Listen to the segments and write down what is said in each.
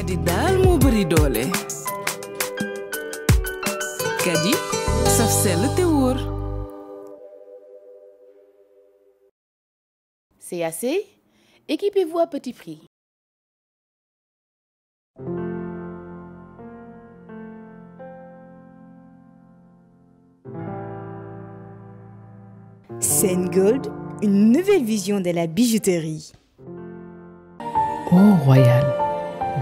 kadi Dal moo bëri ça kadi saf le C'est assez Équipez-vous à petit prix. Sen Gold, une nouvelle vision de la bijouterie. Oh, royal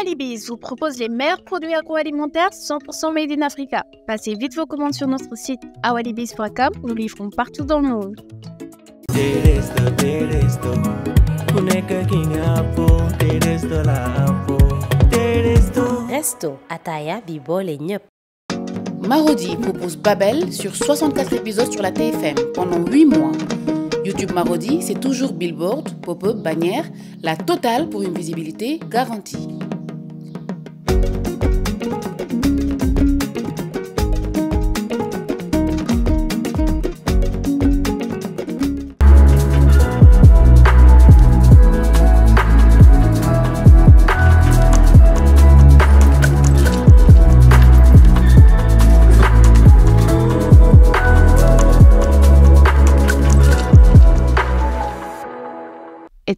Alibis vous propose les meilleurs produits agroalimentaires 100% made in Africa. Passez vite vos commandes sur notre site où nous livrons partout dans le monde. Resto Ataya Marodi propose Babel sur 64 épisodes sur la TFM pendant 8 mois. YouTube Marodi, c'est toujours billboard, pop-up, bannière, la totale pour une visibilité garantie.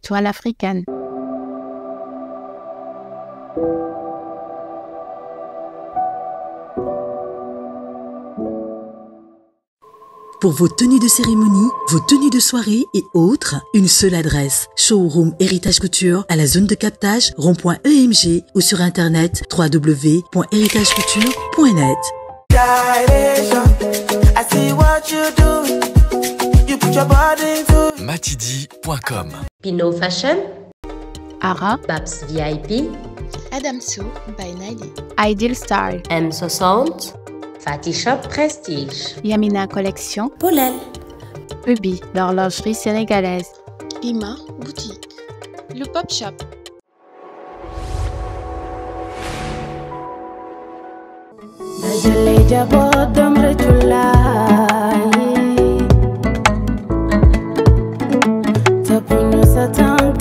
toile africaine. Pour vos tenues de cérémonie, vos tenues de soirée et autres, une seule adresse. Showroom Héritage Couture à la zone de captage rond.emg ou sur internet www.héritagecouture.net matidi.com. Pinot Fashion, Ara, Babs VIP, Adamso by Nile Ideal Star M60, Fatty Prestige, Yamina Collection, Polel, Ubi, l'horlogerie sénégalaise, Ima Boutique, le Pop Shop. Tapu no satan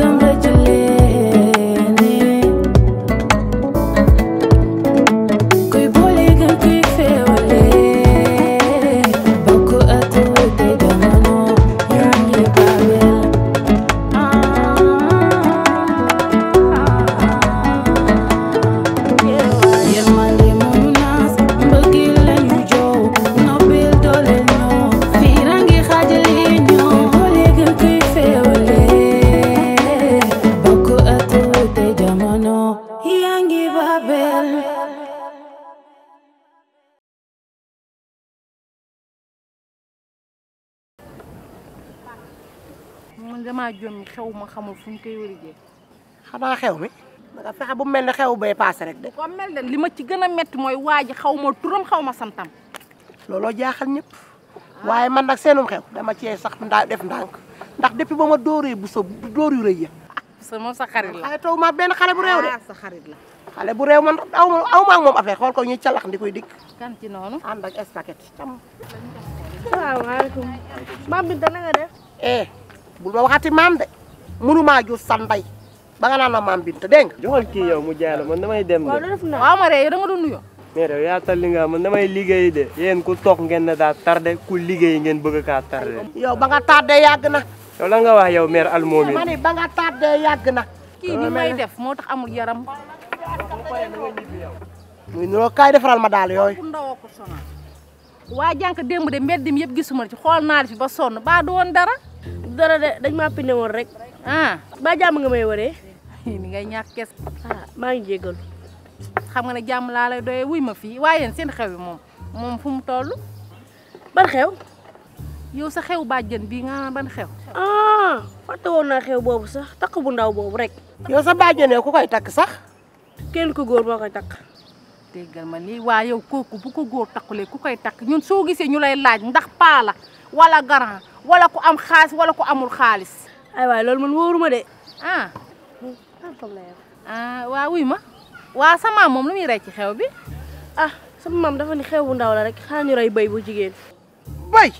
xew ma xamul fu ñu koy wërigee xanaa xew mi danga fexe bu mel ne xew bay paase rek de ko mel ne li ma ci gën a metti mooy waa ji xaw ma turam xaw ma santam looloo jaaxal ñëpp waaye man nag seenum xew dama cee sax ndaa def ndànk ndax depuis ba ma bu sa dóor yu rëy ya ah, sa moom sa xarit la ay taw ma benn xale bu réew de ah, sa xarit la xale bu réew man aw ma aw ma ak moom affaire xool ko ñuy calax di koy kan ci noonu ànd ak espaket tam salaamaaleykum maam bi dana nga def eh bul ma waxati maam de munuma jur sambay ba nga nana maam bint dégg nga. joxal yow mu jaalo man damay dem de. wa ma re yow da nga do nuyo me re ya tal li nga man damay liggey de yen ku tok ngeen da tardé ku liggey ngeen bëgg ka tardé. yow ba nga tardé yag na. yow la nga wax yow mère al ma mané ba nga tardé yag na. ki ni may def motax amul yaram. muy nuro kay defal ma dal yoy wa jank démb de meddim yeb gisuma ci xol na ci ba son ba du won dara. dara de dañ ma pinde rek. ah ba jàmm nga may waree. ni ngay ñàkk kes. Ah, maa ngi jégalu. xam nga ne jàmm laa lay doyee wuy ma fii waaye yéen seen xew yi moom moom fu mu toll. ban xew. yow sa xew bàjjen bii nga ban xew. ah fàtte woon naa xew boobu sax takk bu ndaw boobu rek. yow sa bàjjenee ku koy takk sax. kenn ku góor moo koy takk. déggal ma ni waayew yow kooku bu ko góor takkulee ku koy takk ñun soo gisee ñu lay laaj ndax paa la wala grand wala ku am xaalis wala ku amul xaalis. ay waay loolu man wóoruma de ah ah waa ma waa sama maam moom lu muy rey ci xew bi ah sama mam dafa ni xew bu ndaw la rek xaa ñu rey bu jigéen béy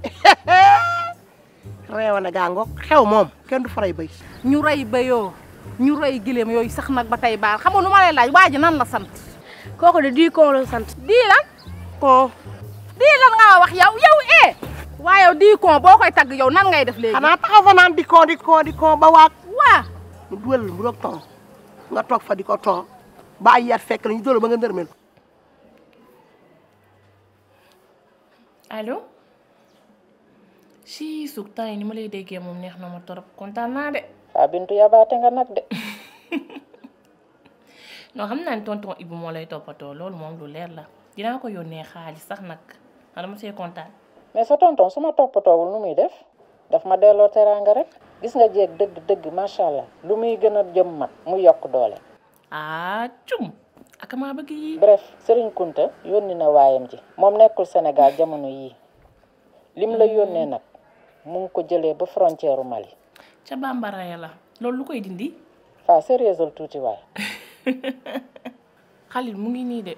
reewa na gaa ngoog xew moom kenn du fa rey béy ñu rey béyoo ñu rey gileem yooyu sax nag ba tey baal xam nga nu ma lay laaj ji nan la sant kooku de dii la sant dii lan koo dii nga wax yow yow eh waaye diikon boo koy tag yow nan ngay def léegi. xanaa taxaw fa di diikon di diikon ba waat. wa mu duwal mu rok ton nga tok fa di ko ton ba ay yar fek ñu ba nga ndërmel. allo. si suk tay ni ma lay dege mom neex na ma torop kontaan na de. a Bintu baté ya, nga nak de. no xam naa tonton Ibou mo lay topato loolu mom lu leer la dina ko yone xaliss sax nag dama sey kontaan. mais sa tonton suma ma toppatoowul nu muy def daf ma delloo teraanga rek gis nga jeeg dëgg dëgg macha allah lu muy gën a jëm mag mu yokk doole. ah cum ak maa bëgg yii. bref Serigne Kunta yónni na waayam ji moom nekkul Sénégal jamono yii lim la hmm. yónnee nag mu ngi ko jëlee ba frontière Mali. ca bambara ya la loolu lu koy dindi. faa sérieusal tuuti waay. Xalil mu ngi nii de.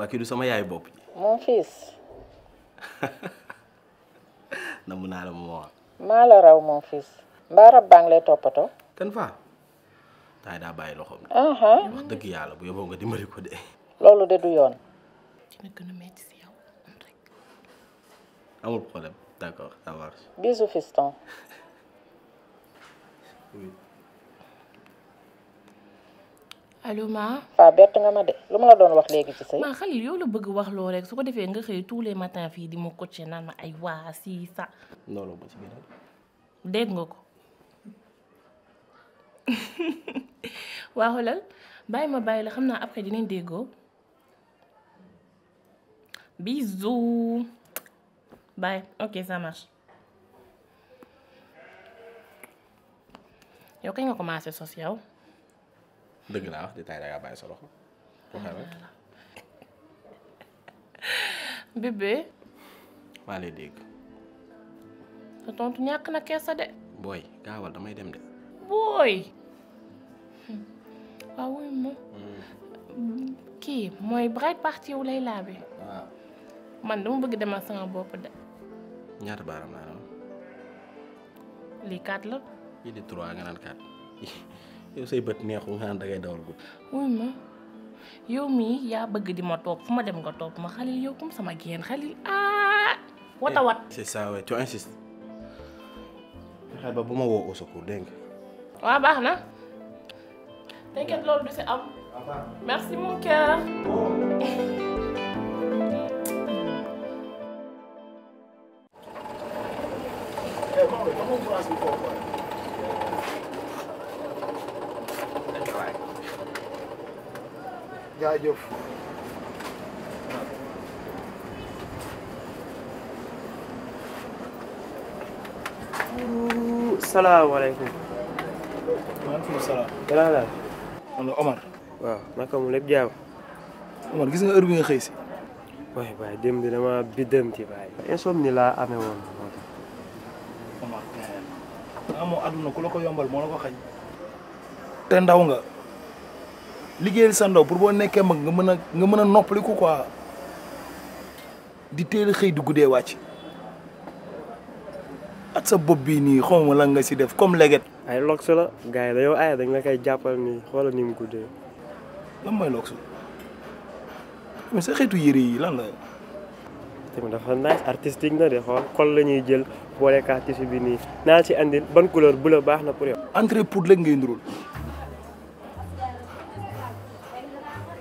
waa kii du sama yaay bopp. mon fils. namm naa la mu maa la raw mon fils. mbaa rab baa ngi lay toppatoo. kan faa. taay daa bàyyi loxoom. wax dëgg yàlla bu yóbboo nga dimbali ko de. loolu de du yoon. dina gën a metti si yow amul problème d'accord ça marche. bisous Allô ma. Fa nga ma dé. Luma la doon wax légui ci sey. Ma Xalil yow la bëgg wax tu rek su ko défé nga tous les matins fi di mo coacher nan ma ay si sa. lo ba ci nga ko ma après bisous bye ok ça marche. yow kañ nga commencé sos yow. dëgg laa wax di tay dangaa bàyyi Bibi, loxo waxal rek bébé maa lay dégg sa tontu ñàkk na keesa de booy dem de Boy! waaw wuy ma kii Bright Party yow lay laabe waaw man dama bëgg demal nga yow say bët neexul nga dangay dawal guddi. wuy ma yow mii yaa bëgg di ma topp fu ma dem nga topp ma xalil yow comme sama génn xalil ah. wata wat eh, c'est ça ouais tu insistes. xel ba bu ma woo au secours dégg nga. waaw baax na. t'inquiète loolu du si am. merci mon cœur. Eh, jaajëf salaamaaleykum. maaleykum na. man mu lépp jaam. Omar gis nga heure bi xëy si. waaye waaye démb bi dama biddanti waaye. insomnie laa amee woon. Omar. Eh, amoo àdduna ku la yombal moo la ko te ndaw nga. liggéeyal sa ndaw pour boo nekkee mag nga mën a nga mën a noppaliku quoi di teel a xëy di guddee wàcc at sa bopp bii nii xaw ma lan nga si def comme leget. ay lox la gars yi dañoo dañ la koy jàppal nii xoolal ni mu guddee. lan mooy lox mais sa xeetu yére yi lan la. tamit dafa nice artistique na de xool xol la ñuy jël boolekaat tissu bi nii naa si andil ban couleur bu la baax na pour yow. entrée pour léegi ngay ndurul.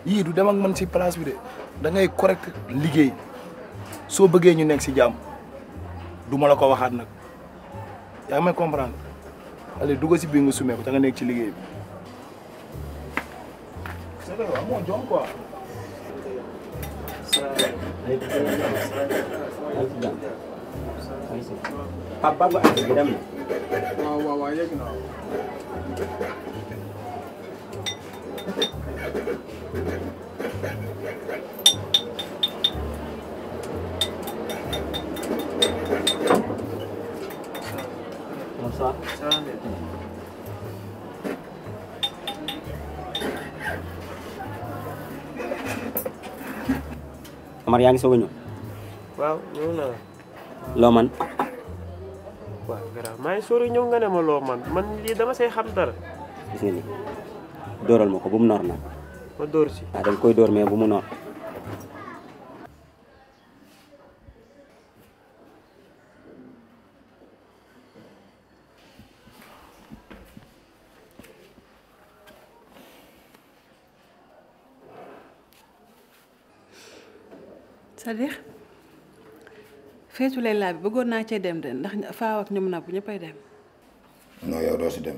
yi du dem ak man si place bi de da ngay correct liguey so beugé ñu nekk si jamm du ma la ko waxat nak ya may comprendre allez dugg si biir nga sumé ko da nga nekk ci liguey bi. c'est vrai jom quoi. Masa? Jalan deh. Amar yaa ngi soog a ñëw. waaw ñëw na la. man. waaw garaaw maa ngi sóor a ñëw nga ne ma loo man man dama xam dara. gis nga ni bu mu na. ko dóor ah, dañ koy dóor mais bu mu noonu. c'est-à-dire feetu lay laa bi bëggoon naa cee dem de ndax faaw ak ñoom na bu ñëppay dem. non yow doo si dem.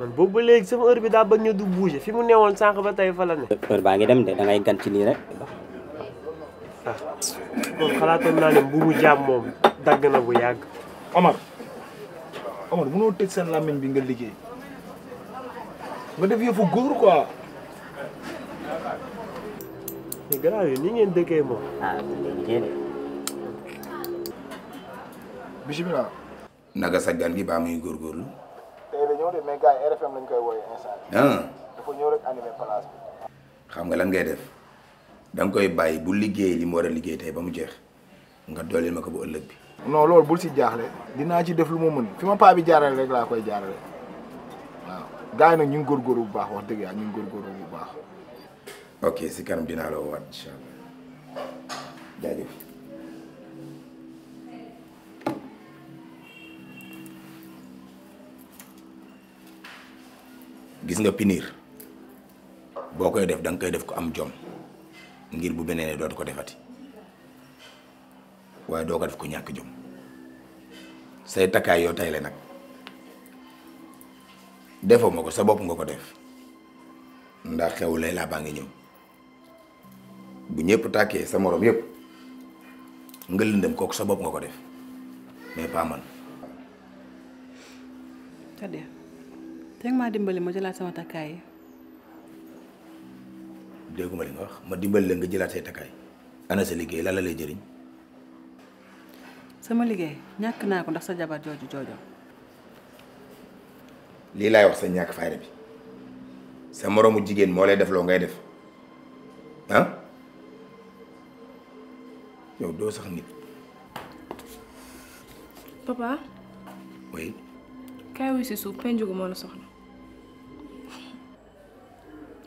man bo bu leg sama heure bi da ba ñu du bouger fi mu newoon sank ba tay fa la ne. heure ba ngi dem de da ngay gan ci nii rek. ko ah. moom xalaatoon naa ne mbuumu jam mom dag na bu yàgg. Omar Omar no tëj sen lamine bi nga liggey nga def yëfu góor quoi. ni grave ni ngeen dëkkee mo ah bisimilah. naga sa gan gi ba muy gor góorgóorlu. ñëw de mais gars yi RFM lañ koy wooyee instant ah. dafa ñëw rek animé xam nga lan ngay def da koy bàyyi bu liggéey li mu war a liggéey tey ba mu jeex nga dooleel ma ko bu ëllëg bi. non loolu bul si jaaxle dinaa ci def lu ma mën fi ma paa bi jaarale rek laa koy jaarale waaw yi nag ñu ngi bu baax wax dëgg yàlla ñu ngi góorgóorlu bu baax. ok si kanam dinaa la woowaat incha allah gis nga pinir boo koy def da nga koy def ko am jom ngir bu beneenee dootu ko defati waaye doo ko def ko ñàkk jom say takkaay yoo tay le nag defoo ma ko sa bopp nga ko def ndax xew lay laa baa ngi ñëw bu ñëpp tàkkee sa moroom yëpp nga lëndëm kooku sa bopp nga ko def mais pas teg maa dimbali ma jëlaat sama takkaay Dia dégguma li nga wax ma oh. dimbali la nga jëlaat say takkaay ana sa liggéey lan la lay jëriñ. sama liggéey ñàkk naa ko ndax sa jabar jooju joojo. lii laay wax sa ñàkk fayda bi sa moroomu jigéen moo lay def loo ngay def ah yow ya, doo sax kan nit. papa. oui. kaay wu si suuf penju gu moo la soxla.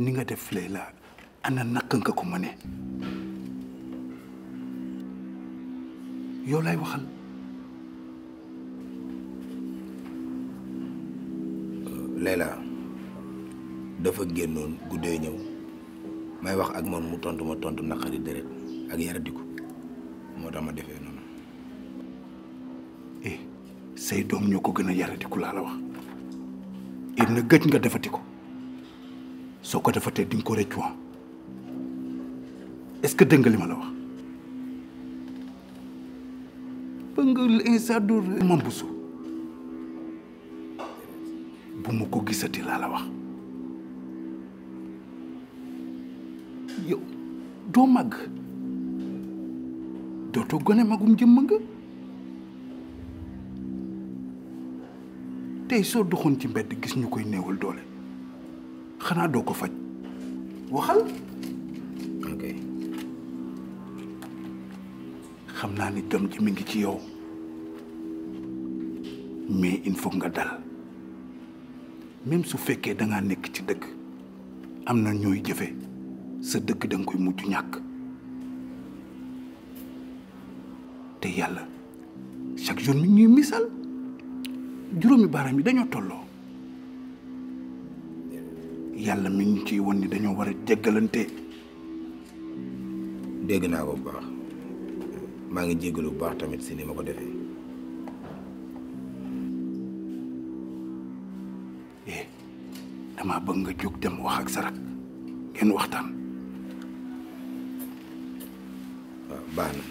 ni nga def Leila ana naka nga ko mënee yow lay waxal. Leila dafa génnoon guddee ñëw may wax ak moom mu tontu ma tontu naqari deret ak yaradiku moo tax ma defee noonu. eh say doom ñoo ko gën a yaradiku laa la wax. it na gëj nga defati soo ko defatee di nga ko rëccu est-ce que dégg li ma la wax. ba nga instant du mambusu bu ma ko gisati laa la wax yow doo màgg dootoo gone magum jëmm nga tey soo doxoon ci mbedd gis ñu koy néewal doole. xanaa doo ko faj waxal xam naa ni doom ji mi ngi ci yow mais il faut nga dal même su fekkee da nekk ci dëkk am na ñooy jëfe sa dëgg da koy mujj ñàkk te yàlla chaque jour mi ñuy misaal juróomi baaraam yi dañoo tolloo yalla mi ngi ciy won dañu wara djegalante deg na baax ma ngi baax tamit si ni eh nama bëgg nga jóg dem wax ak sarak ngeen waxtan waaw baax na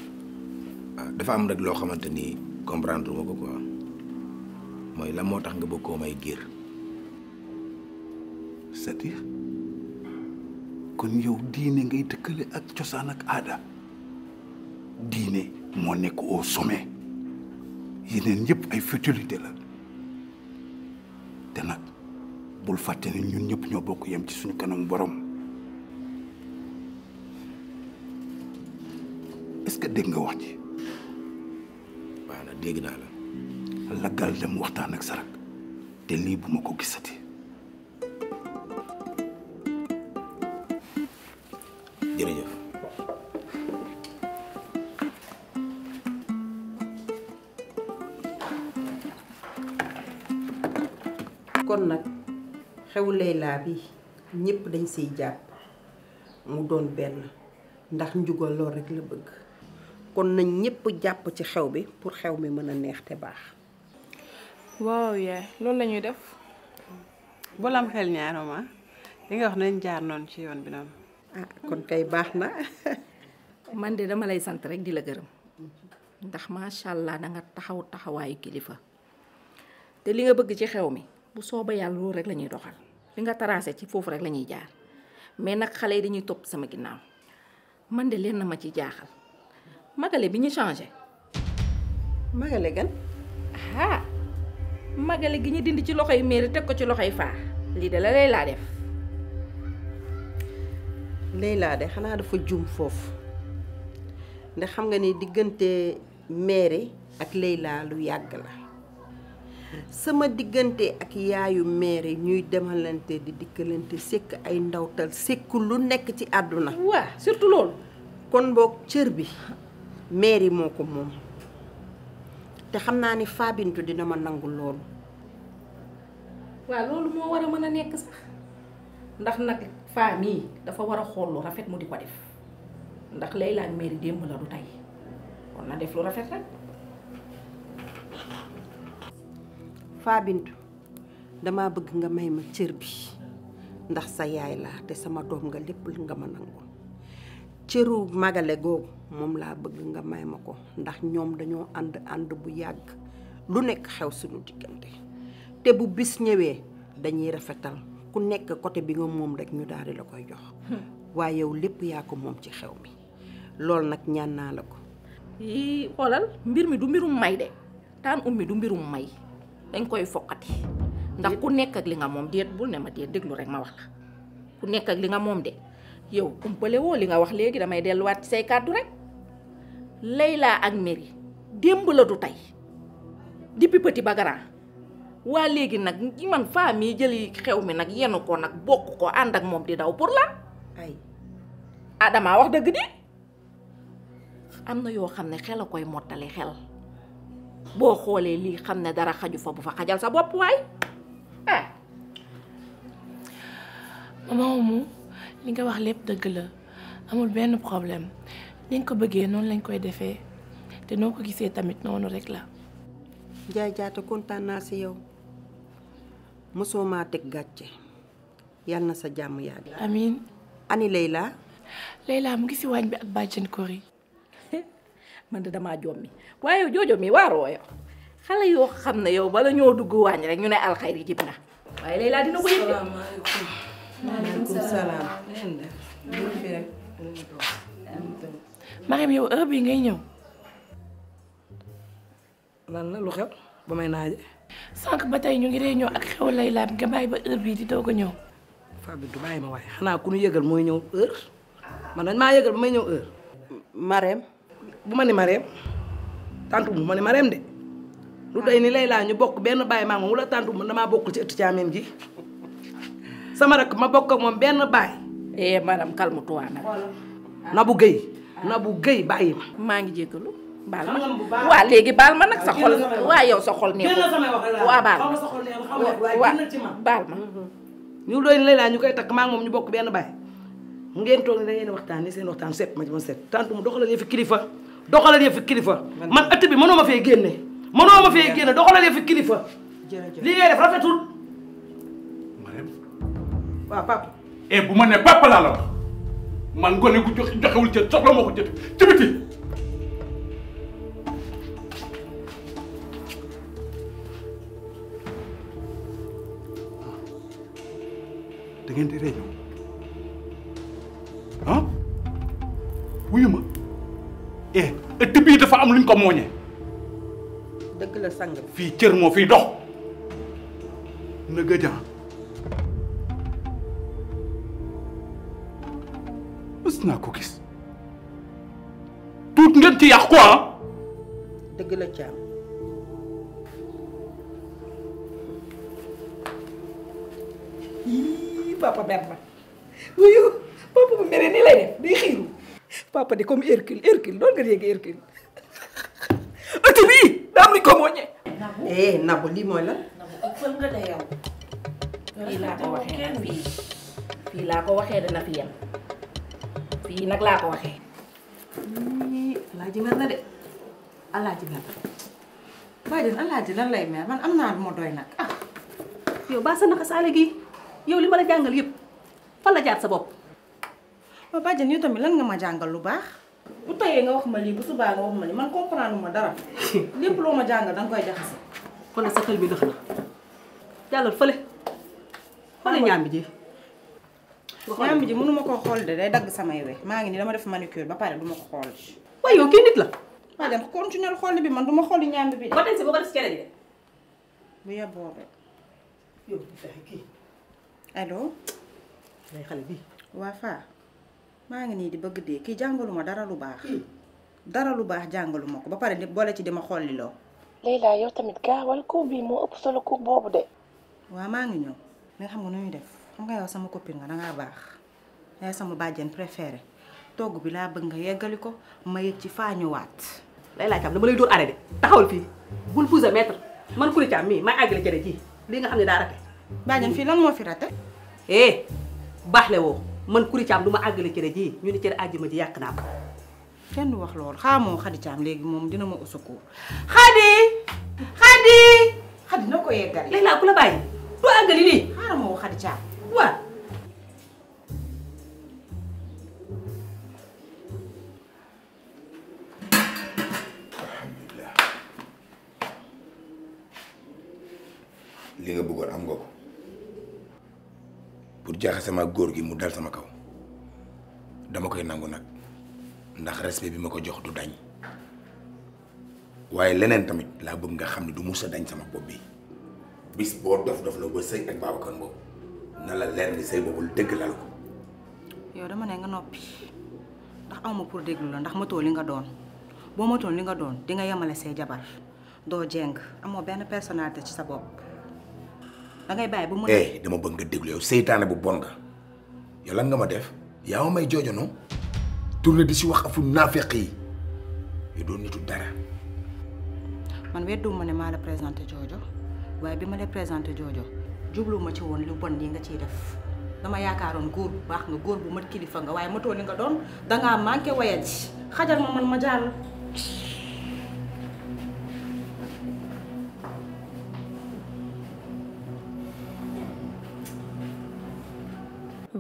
ah, dafa am rek lo xamanteni comprendre ma quoi moy lan motax nga bëgg may kon yow diine ngay tëkkale ak cosaan ak aada diine moo nekk au sommet yeneen yëpp ay futilité la te nag bul fàtte ne ñun ñëpp ñoo bokk yem ci suñu kanam boroom est-ce que dégg nga wax ji waaw dégg naa la laggal dem waxtaan ak sarak te lii bu ma ko gisati xew Layla bi ñepp dañ siy japp mu doon ben ndax njugal lo rek la bëgg kon nañ ñepp japp ci xew bi pour xew mi mëna neex te baax. waaw yaay lool lañuy def boo xel li nga wax nañ jaar ci yoon bi ah kon kay baax na. man de dama lay sant rek di la gërëm ndax macha allah da nga taxaw taxawaayu kilifa te li nga bëgg ci xew mi bu sooba yàlla rek la ñuy doxal. li nga tracé ci foofu rek la ñuy jaar mais nag xale yi dañuy topp sama ginnaaw man de lenn ma ci jaaxal magale bi ñu changé. magale gan. ah magale gi ñu dindi ci loxo loxoy mairie teg ko ci loxo yi faa lii de la lay laa def. Leyla de xanaa dafa juum foofu ndax xam nga ni diggante mairie ak laa lu yàgg la sama diggante ak yaayu maire ñuy demalante di dikkalante sekk ay ndawtal sekk lu nekk ci àdduna waaw surtout loolu kon boog cër bi maire yi moo ko moom te xam naa ni Fabintu dina ma nangu loolu waaw loolu moo war a mën a nekk sax ndax nag femme yi dafa war a xool lu rafet mu di ko def ndax Layla ak maire démb la du tey kon na def lu rafet rek fa bintu dama bëgg nga may ma cër bi ndax sa yaay la te sama doom nga lepp li nga ma nangul cëru magale googu moom laa bëgg nga may ma ko ndax ñoom dañoo and and bu yàgg lu nekk xew suñu diggante te bu bis ñëwee dañuy rafetal ku nekk côté bi nga moom rek ñu daal la koy jox hmm. waaye yow lépp yaa ko moom ci xew mi lool nag ñaan naa la ko. yi xoolal mbir mi du mbirum may de taan ummi du mbirum may dañ koy fokati ndax ku nek ak li nga mom déet bul ne ma déet deglu rek ma wax ku nek ak li nga mom de yow umpale wo li nga wax léegi damay delu wat say cadeau rek leila ak meri demb la du tay depuis petit bagara wa waa nak man fami jeul yi xew mi nak yenu ko nak bok ko and ak mom di daw pour la ay adama ah, wax deug di amna yo xamne xela koy motale xel boo xoolee lii xam ne dara xaju fa bu fa xajal sa bopp waay ah. Eh. moomu li nga wax lépp dëgg la amul benn problème ni nga ko bëggee noonu lañ koy defee te noo ko gisee tamit noonu rekk la. jaay jaata kontaan naa si yow mosoo maa teg gàcce yal na sa jàmm yàgg. amiin. ani Layla. Layla mu ngi si waañ bi ak bàjjen Kori. man de damaa jommi waaye yow joojo mi waaroo yow xale yoo xam na yow bala ñoo dugg waañ rek ñu ne alxayri jib na waaye léegi laa dina ko yëg yow heure bii ngay ñëw. lan la lu xew ba may naaje. sànq ba tey ñu ngi dee ñëw ak xew lay laab nga bàyyi ba heure bii di doog a ñëw. Fabi du bàyyi ma waaye xanaa ku ñu yëgal mooy ñëw heure man dañ maa yëgal ba may ñëw heure. Mariam. bu ma ni Marème tante Oumou ma ni Marème de lu day ni Layla ñu bokk benn baay maa moom wala tante Oumou damaa bokkul ci ëttu caameen gi sama rak ma bokk ak moom benn baay. eh madame calme-toi nag. Nabou Guèye Nabou Guèye bàyyi ma. maa ngi jéggalu baal ma waaw léegi baal ma nag sa xol waa yow sa xol neexul waa baal ma waa baal ma ñu doon Layla ñu koy takk maa ñu bokk benn baay ngeen toog ni da ngeen waxtaan ni set set tante mu doxalal yëfi kilifa doxalal yëfi kilifa man ëtt bi mënoo ma fee génne mënoo ma fee génne doxalal yëfi kilifa li ngay def rafetul Marème waaw papa eh bu ma ne papa laa la wax man ngone gu joxewul cër soxla moo ko jëtu ci biti da ngeen di réunion dafa am luñ ko moñé deug la sang fi cër mo fi dox na ga ja usna ko gis tout ngeen ci yàq quoi ah. deug la ci papa berba wuyu papa bu mere ni lay def day xiiru papa di comme Hercule Hercule doon nga dégg Hercule daa ko mooñee. eh Nabou lii mooy lan. fii laa ko waxee nag fii fii laa fi yem fii nag laa ko waxee. alaaji mer na de alaaji mer na waaye de lan lay mer man am naa lu ma doy nag ah. yow ba sa naxasaale gi yow li ma la jàngal yëpp fan la jaar sa bopp. waaw bàjjen yow tamit lan nga ma jàngal lu baax. bu tayee nga wax ma lii bu subaa nga wax ma lii man koo comprendre ma dara lépp loo ma jàngal danga koy jaxase. kon nag sa xel bi dëx na jàllal fële xooli ñaambi ji. ñaambi ji mënu ma koo xool de day dagg samay we maa ngi ni dama def manucure ba pare du ma ko xool. waaye yow kii nit la. maa dem continuer xooli bi man du ma xooli ñaambi bi de. ba tey si ba ko def si keneen bi waa maa ngi nii di bëgg dee kii jàngaluma dara lu baax. Hmm. dara lu baax jàngaluma ko ba pare boole ci dama xolli loo. Leyla yow tamit gaawal cours bii moo ëpp solo cours boobu de. waaw maa ngi ñëw mais xam nga nu ñuy def xam nga sama copine nga dangaa baax yaay sama bàjjen préféré togg bi laa bëgg nga yeggali ko ma yëg ci faa ñëwaat. Leyla Thiam dama lay dóor arrêté taxawal fii bul pousser man Coura Thiam mii may àggale cere ji lii nga xam ne daa rate. bàjjen fii lan moo fi rate. eh baaxle woo. man Kuri Thiam du ma àggale cere ji ñu ni cere àjjuma ji yàq naa ko. kenn wax loolu xaamoo Xadi Thiam léegi moom dina ma usukoo Xadi Xadi Xadi na ko yeggal. léegi laa ku la bàyyi du àggali lii xaaral ma woo Xadi Thiam jaxase ma góor gi mu dal sama kaw dama koy nangu nag ndax respect bi ma ko jox du dañ waaye leneen tamit laa bëgg nga xam ne du mus a dañ sama bopp bi bis boo dof dof la ba sëy ak Babacar Mbow na la leer ni sëy boobul dëgg la ko. yow dama ne nga noppi ndax awma pour déglu la ndax matoo li nga doon boo matoo li nga doon di nga yemale say jabar doo jeng amoo benn personnalité ci sa bopp. da ngay bàyyi ba mu eh, ne. dama bëgg nga déglu yow seytaane bu bon nga yow lan nga ma def yaa ma may joojono tourné di ci wax afu naafeq yi yow doon nitu dara. man wedduwuma ne maa la présenté joojo waaye bi ma la présenté joojo jubluwuma ci woon lu bon lii nga ciy def dama yaakaaroon góor bu baax nga góor bu mat kilifa nga waaye matoo li nga doon dangaa manqué wayat xajal ma man ma jàll.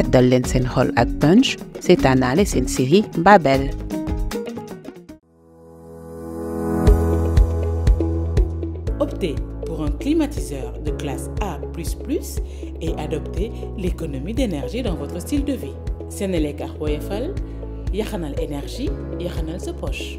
2017 dal Hall at Punch, ak punch c'est une série Babel Optez pour un climatiseur de classe A++ et adoptez l'économie d'énergie dans votre style de vie Sénélec ak Woyofal énergie yaxanal se poche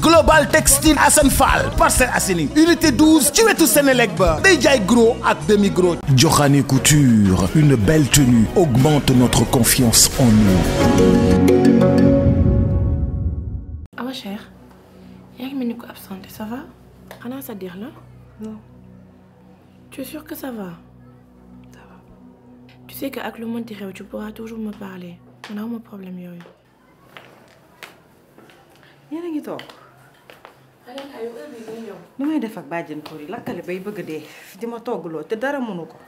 global textile Asenfal Parcel à unité 12 Tu es tout ba day gros à demi gros. Johanny Couture une belle tenue augmente notre confiance en nous. Ah, ma chère, il y a une minute absente, ça va xanaa sa dire là non tu es sûr que ça va. ça va..! Tu sais qu'avec le monde des tu pourras toujours me parler. On a un problème, Yoyo. Il y a lu muy def ak bàjjen koor yi lakkale bay bëgg dee di ma toggloo te dara mënu ko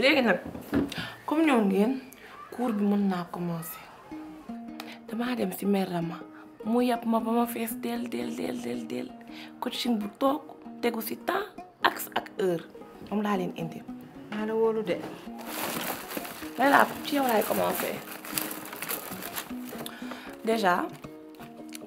léegi nag comme ñëw ngeen cours bi mën naa commencé damaa dem si mère mu yàpp ma ba ma fees del del del del del bu toog tegu si temps ak ak heure moom laa leen indi maa la wóolu de lay laa ci yow laay commencé déjà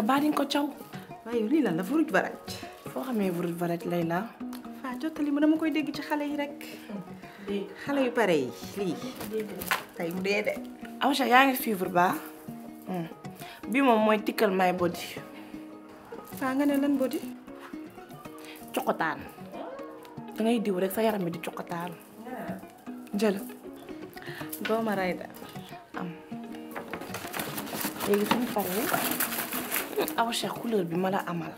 Kabarin baa dinga ko caw waaye lii lan la vurut baraj foo xamee vurut baraj Layla waa tali ma dama koy dégg ci xale yi rek xale yu pare yi lii tey mu dee de bi my body waa nga body Chokotan. Tengah diw rek sa yaram di cokotaan jël dooma rayda am léegi suñu awa Cheikh couleur bi ma la amal.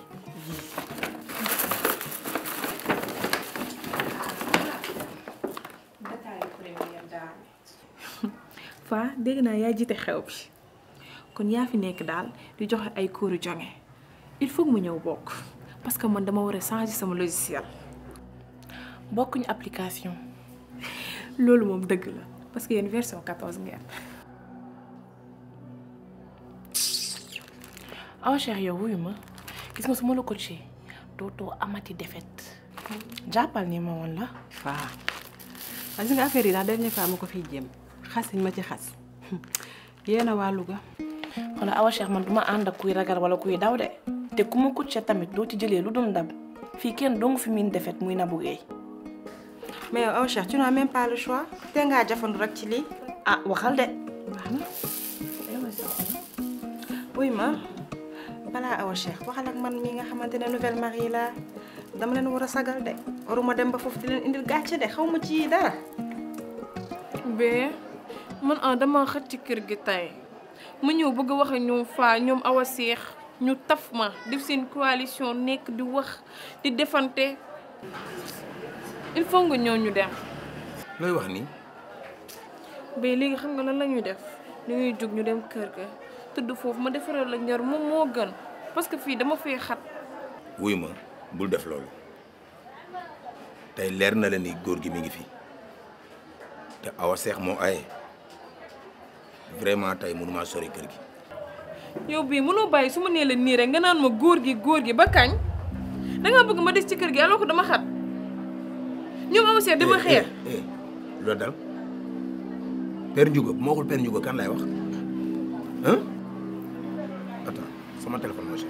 dégg naa yaa jiite xew bi kon yaa fi nekk daal di joxe ay kóoru jonge il faut mu ñëw bokk parce que man dama war a changer sama logiciel. bokkuñu application. loolu moom dëgg la parce que yéen version ngeen. awa ah chérie yow wuyu ma gis nga su ma la coaché dootoo amati défaite jàppal ni ma woon la. waaw parce que affaire yi daal dernière fois ma ko fiy jéem xas ma ci xas a waa Louga. xoolal awa ah man du ma ànd ak kuy ragar wala kuy daw de te ku ma coaché tamit doo ci jëlee lu dul ndam fii kenn doo nga fi miin defet muy Nabou Guèye. mais awa ah Cheikh tu n'as même pas le te ngaa jafandu rek ci lii. ah waxal de. baax ma. balaa Awa Cheikh waxal ak man mi nga xamantene nouvelle mari la dama len wara a sagal de waruma dem ba fofu di leen indil gatcha de xaw ci dara. be man a dama xat ci keur gi tay mu ñew bëgg wax ak ñoom faa ñoom Awa Cheikh ñu taf ma def seen coalition nek di wax di defante il faut nga ñu dem. loy wax be li nga xam nga lan lañuy def ñuy jog ñu dem keur tuddu fofu ma defaral la ñor moom mo gën parce que fi dama fay xat. wuyuma bul def lolu tay leer na la ni gor gi mi ngi fi te awa cheikh mo ay vraiment tey mënuma sori kër gi. yow bi mënu bay suma ma la ni rek nga nan ma gor gi gor gi ba kañ da nga bëgg ma dis ci kër gi alors que dama xat ñu awa cheikh dama eh, xéer eh, eh, lo dal Père Ndiouga bu Père Ndiouga kan lay wax hein attends sama téléphone moo si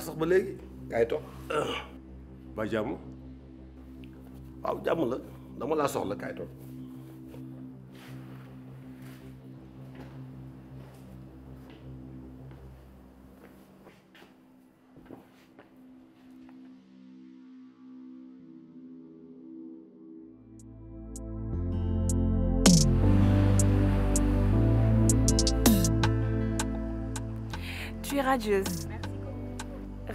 xaar sax ba léegi ngay toog ba jamu waaw jamu la dama laa soxla kaay toog radieuse.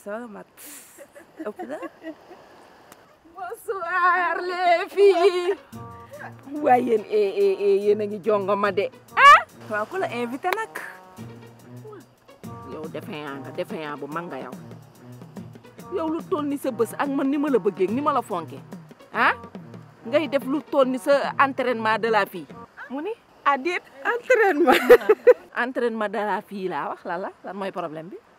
selamat. مع وكذا bonsoir les filles waaye E eh eh eh yéen a ngi ma de ah waaw ku la invité nak? yow defeyaa nga defeyaa bu manga yow yow lu toll ni sa beus ak man ni ma la beugé ni ma la fonké. ah ngay def lu toll ni sa entraînement de la fille mu adit entraînement entraînement de la fille la wax la la lan moy problème bi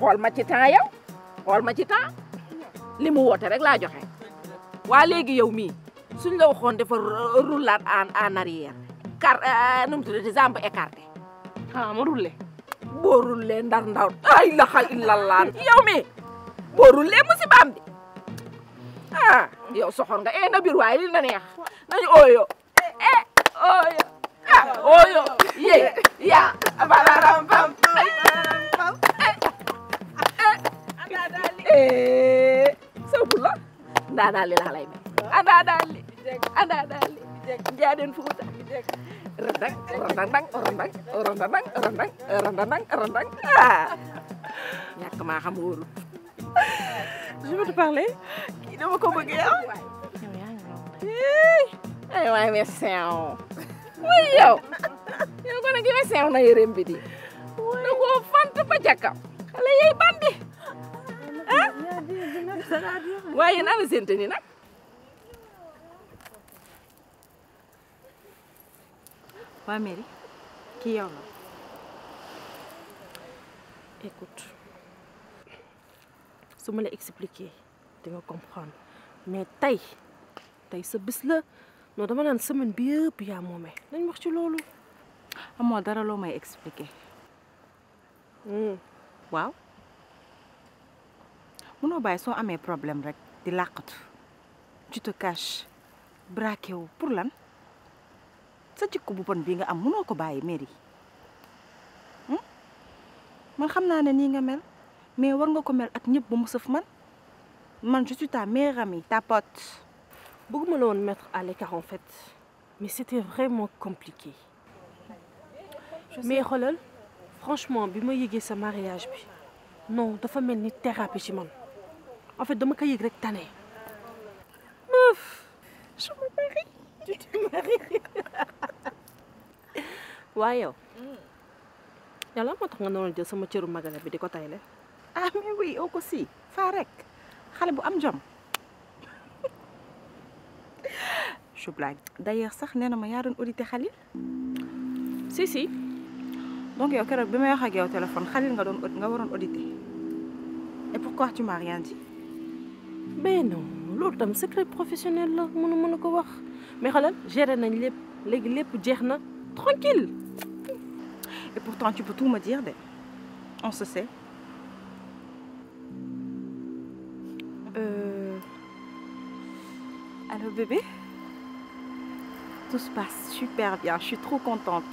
xool ma ci temps yow xool ma ci temps li mu woote rek laa joxe waa léegi yow mii suñ la waxoon dafa roulade en en arrière car euh, nu mu tuddati jambe écarté ah ma roulé boo roulé ndar ndaw ay la xal illallah yow mii boo roulé musibaam bi ah yow soxor nga eh na biir waaye li na neex nañu ooyo eh ooyo ah, yee yaa balaram pam sawbulla ndaɗali haalay men anda ɗali anda ɗali orang fouta rendang rendang rendang rendang rendang rendang rendang ñàkk orang xam wóoru je veux te parler kii dama ko bëgg yow ay waay mais sew way yow yow ko nag yow sew na yërëm bi di da koo fant ba jakkam xale yey bandi Oui, naa ça. ni écoute je ma eh, la expliquer comprendre mais tey tey sa bis la non dama tu semaine bi tu mais, nañ wax ci Tu dara tu may expliquer. Hmm mënoo bàyyi soo amee problème rek di laqatu tu te caches braqué pour lan sa jikko bu bon bi nga am mënoo ko bàyyi mairie hmm? man xamna né ni nga mel mais war nga ko mel ak ñepp bu mu man man je suis ta meilleure amie ta pote bëgguma la woon mettre à l'écart en fait mais c'était vraiment compliqué mais xolal franchement bima ma sa mariage bi non dafa mel ni thérapie ci man en fait dama ko yëg rek tane. je me marie tu te maries. waaye yow. Mm. yàlla moo tax nga noonu jël sama cëru magale bi di ko tayle. ah mais oui ok ko si faa rek xale bu am jom. je blague d'ailleurs sax nee na ma yaa doon audité Khalil. si si. donc yow a bi may wax ak yow téléphone Khalil nga doon nga waroon audité et pourquoi tu m'as rien dit mais non C'est un secret professionnel ne mon mais xalal géré nañ Maintenant tout est tranquille et pourtant tu peux tout me dire on se sait euh... allô bébé tout se passe super bien je suis trop contente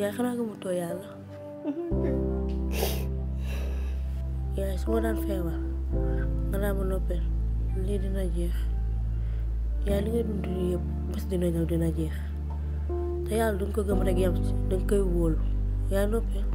yaay xanaa gëmutoo yàlla yaay su daan feebar nga naa ma noppel lii dina jeex yaay li nga dund yëpp bés dina ñëw dina jeex te yàlla duñ ko gëm rek yam ci dañ koy wóolu yaay noppel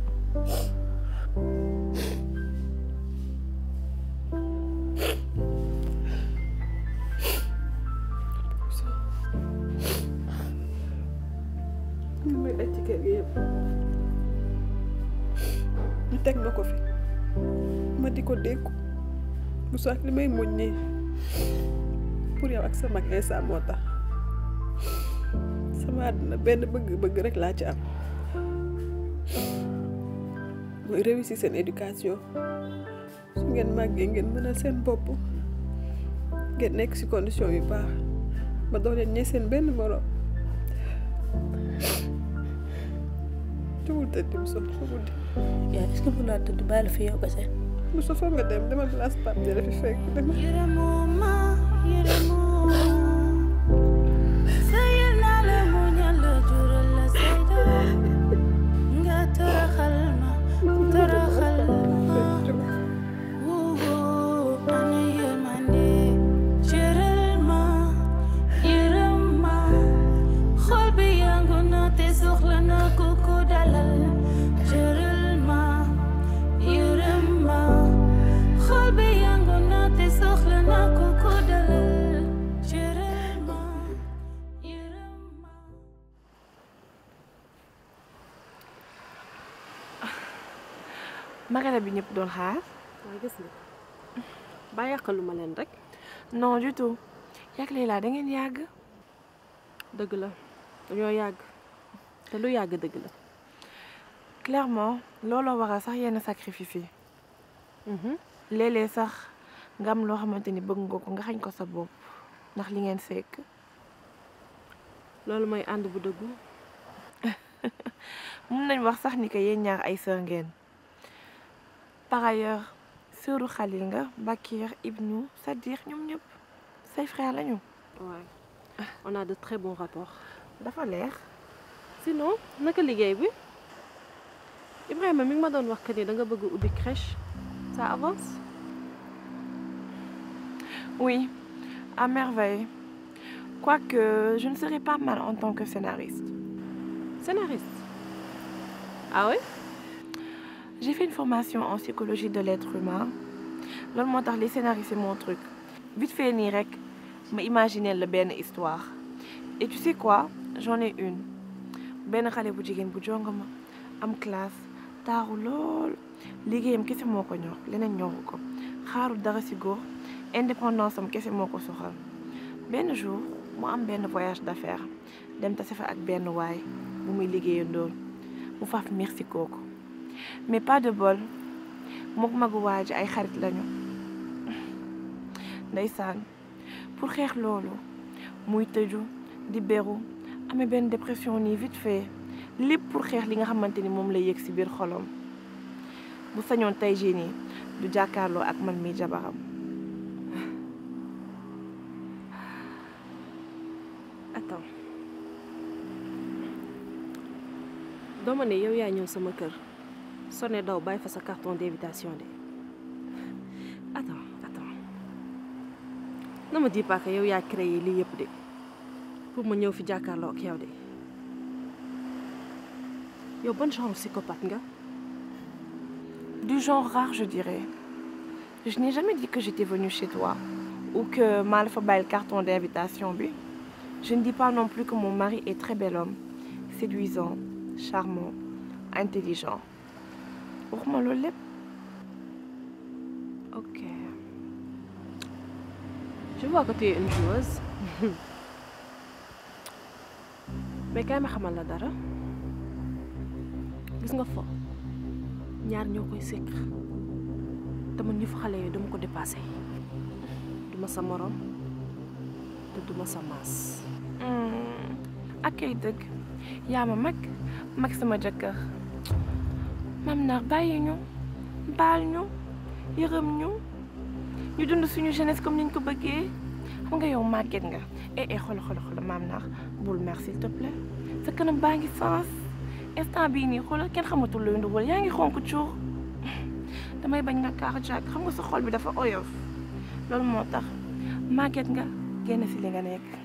may muñ pour yow ak sama Insa moo tax sama àdduna ben bëgg-bëgg rek la ci am moy réussir sen éducation su ngeen màggee ngeen mëna sen bop ngeen nek ci condition yu baax ba doo leen ñee seen benn morom tout tëddim tout tugul yaa kan est-ce que mën naa tëdd bàyyi la fi yow kese Mustafa nga dem demal glace Pape Ndiaye fi fekk demal. naka bi ñëpp doon xaar. ba yàqalu ma leen rekk non du tout yàq lii laa da yàgg. dëgg la dañoo yàgg te lu yàgg dëgg la. clairement looloo waral sax yenn sacrifice yi. Mhm. léeg sax ngam loo xamante ni bëgg nga ko nga xañ ko sa bopp ndax li ngeen sekk. loolu mooy ànd bu dëggu. mun nañ wax sax ni ko yéen ñaar ay sër ngeen. par ailleurs Sourou Khalinga, nga Bakir Ibnu Sadir ñoom ñëpp say frère lañu. Ouais. on a de très bons rapports. a leer. sinon naka liggéey bi Ibrahima mi ngi ma doon wax que ni da nga bëgg crèche ça avance. oui à merveille quoique je ne serais pas mal en tant que scénariste. scénariste ah oui j'ai fait une formation en psychologie de l'être humain loolu les scénaristes c'est mon truc vite fait nii rek mais imaginer la belle histoire et tu sais quoi j'en ai une Ben am classe indépendance am jour am voyage d'affaires dem ak way, bu muy merci mais pas de bol mok magu waji ay xarit lañu ndeysaan pour xex loolu muy tëju di beru amé ben dépression ni vite fait lépp pour xex li nga xamanteni mom lay yek ci bir xolom bu sañoon tay jii du jàkkaarloo ak man mi jabaram attends doo ma ne yow ya ñew sama kër sone daw bay fa sa carton d'invitation attends attends ne me dis pas que yow as créé li Pour de pour ma ñëw fi jàkkaarloo ak yow de yow ban genre psychopathe nga du genre rare je dirais je n'ai jamais dit que j'étais venue chez toi ou que Malfa pas le carton d'invitation je ne dis pas non plus que mon mari est très bel homme séduisant charmant intelligent waxuma loolu lépp ok je vois que tu es mais kaay ma xamal la dara gis nga fo ñaar ñoo koy séq te man ñu fa xale yi dama ko dépassé duma sa morom te duma sa maas. Hmm. ak kay dëgg yaa ma mag mag sama jëkkër. mam naar bàyyi ñu baal ñu yërëm ñu ñu dund suñu jeunesse comme ni niñ ko bëggee xam nga yow màgget nga eh eh xool xool xool maam naar bul mer s'il sa kanam baa ngi sens instant bii nii xoolal kenn xamatul looy ndugal yaa ngi xonk cuur damay bañ nga kaar jàkk xam nga sa xol bi dafa oyof loolu moo tax màgget nga génn si li nga nekk.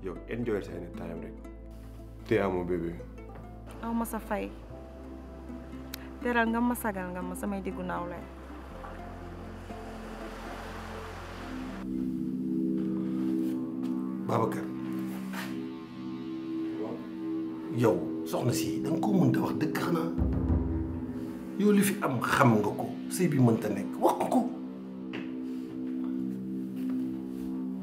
yow enjoy sa any time rek te amoo bébé aw ma sa fay teral nga ma sagal nga ma samay diggu naaw lay Babacar yow soxna si da nga ko mënta wax dëgg xanaa yow li fi am xam nga ko bi mënta nekk wax ko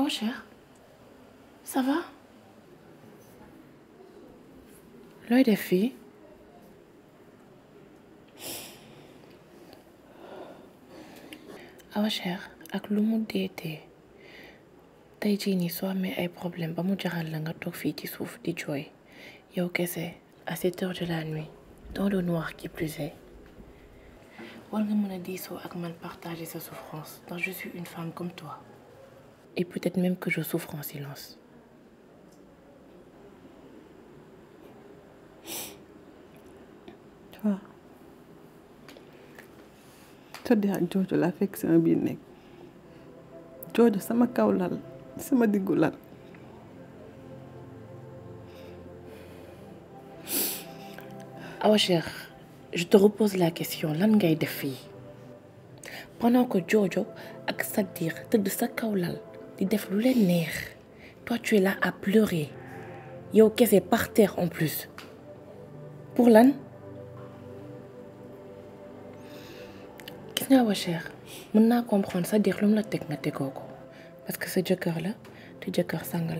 Oh, cher. Ça va L'œil des filles ah, cher avec d'été, problème ba la nga ci de di à 7 heures de la nuit dans le noir qui plus est Tu nga a partager sa souffrance quand je suis une femme comme toi et peut-être même que je souffre en silence. Toi, vois, di as Jojo à Jojo un bien Jojo sama m'a ça sama m'a Ah Awa cher, je te repose la question lan ngay def fille. pendant que Jojo ak Sadir tëdd sa ça lal di def toi tu es là à pleurer au kese par terre en plus pour lan Qu'est-ce que tu as comprendre ça, ne comprends pas la parce que ce là, là c'est un sang sanguin.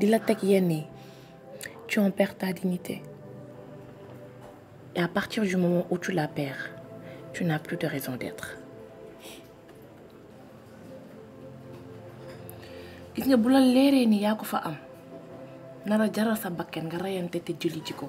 si tu tu en perds ta dignité et à partir du moment où tu la perds tu n'as plus de raison d'être gis nga bu la leeree ni yaa ko fa am nara jaral sa bakken nga reyante te julli ji ko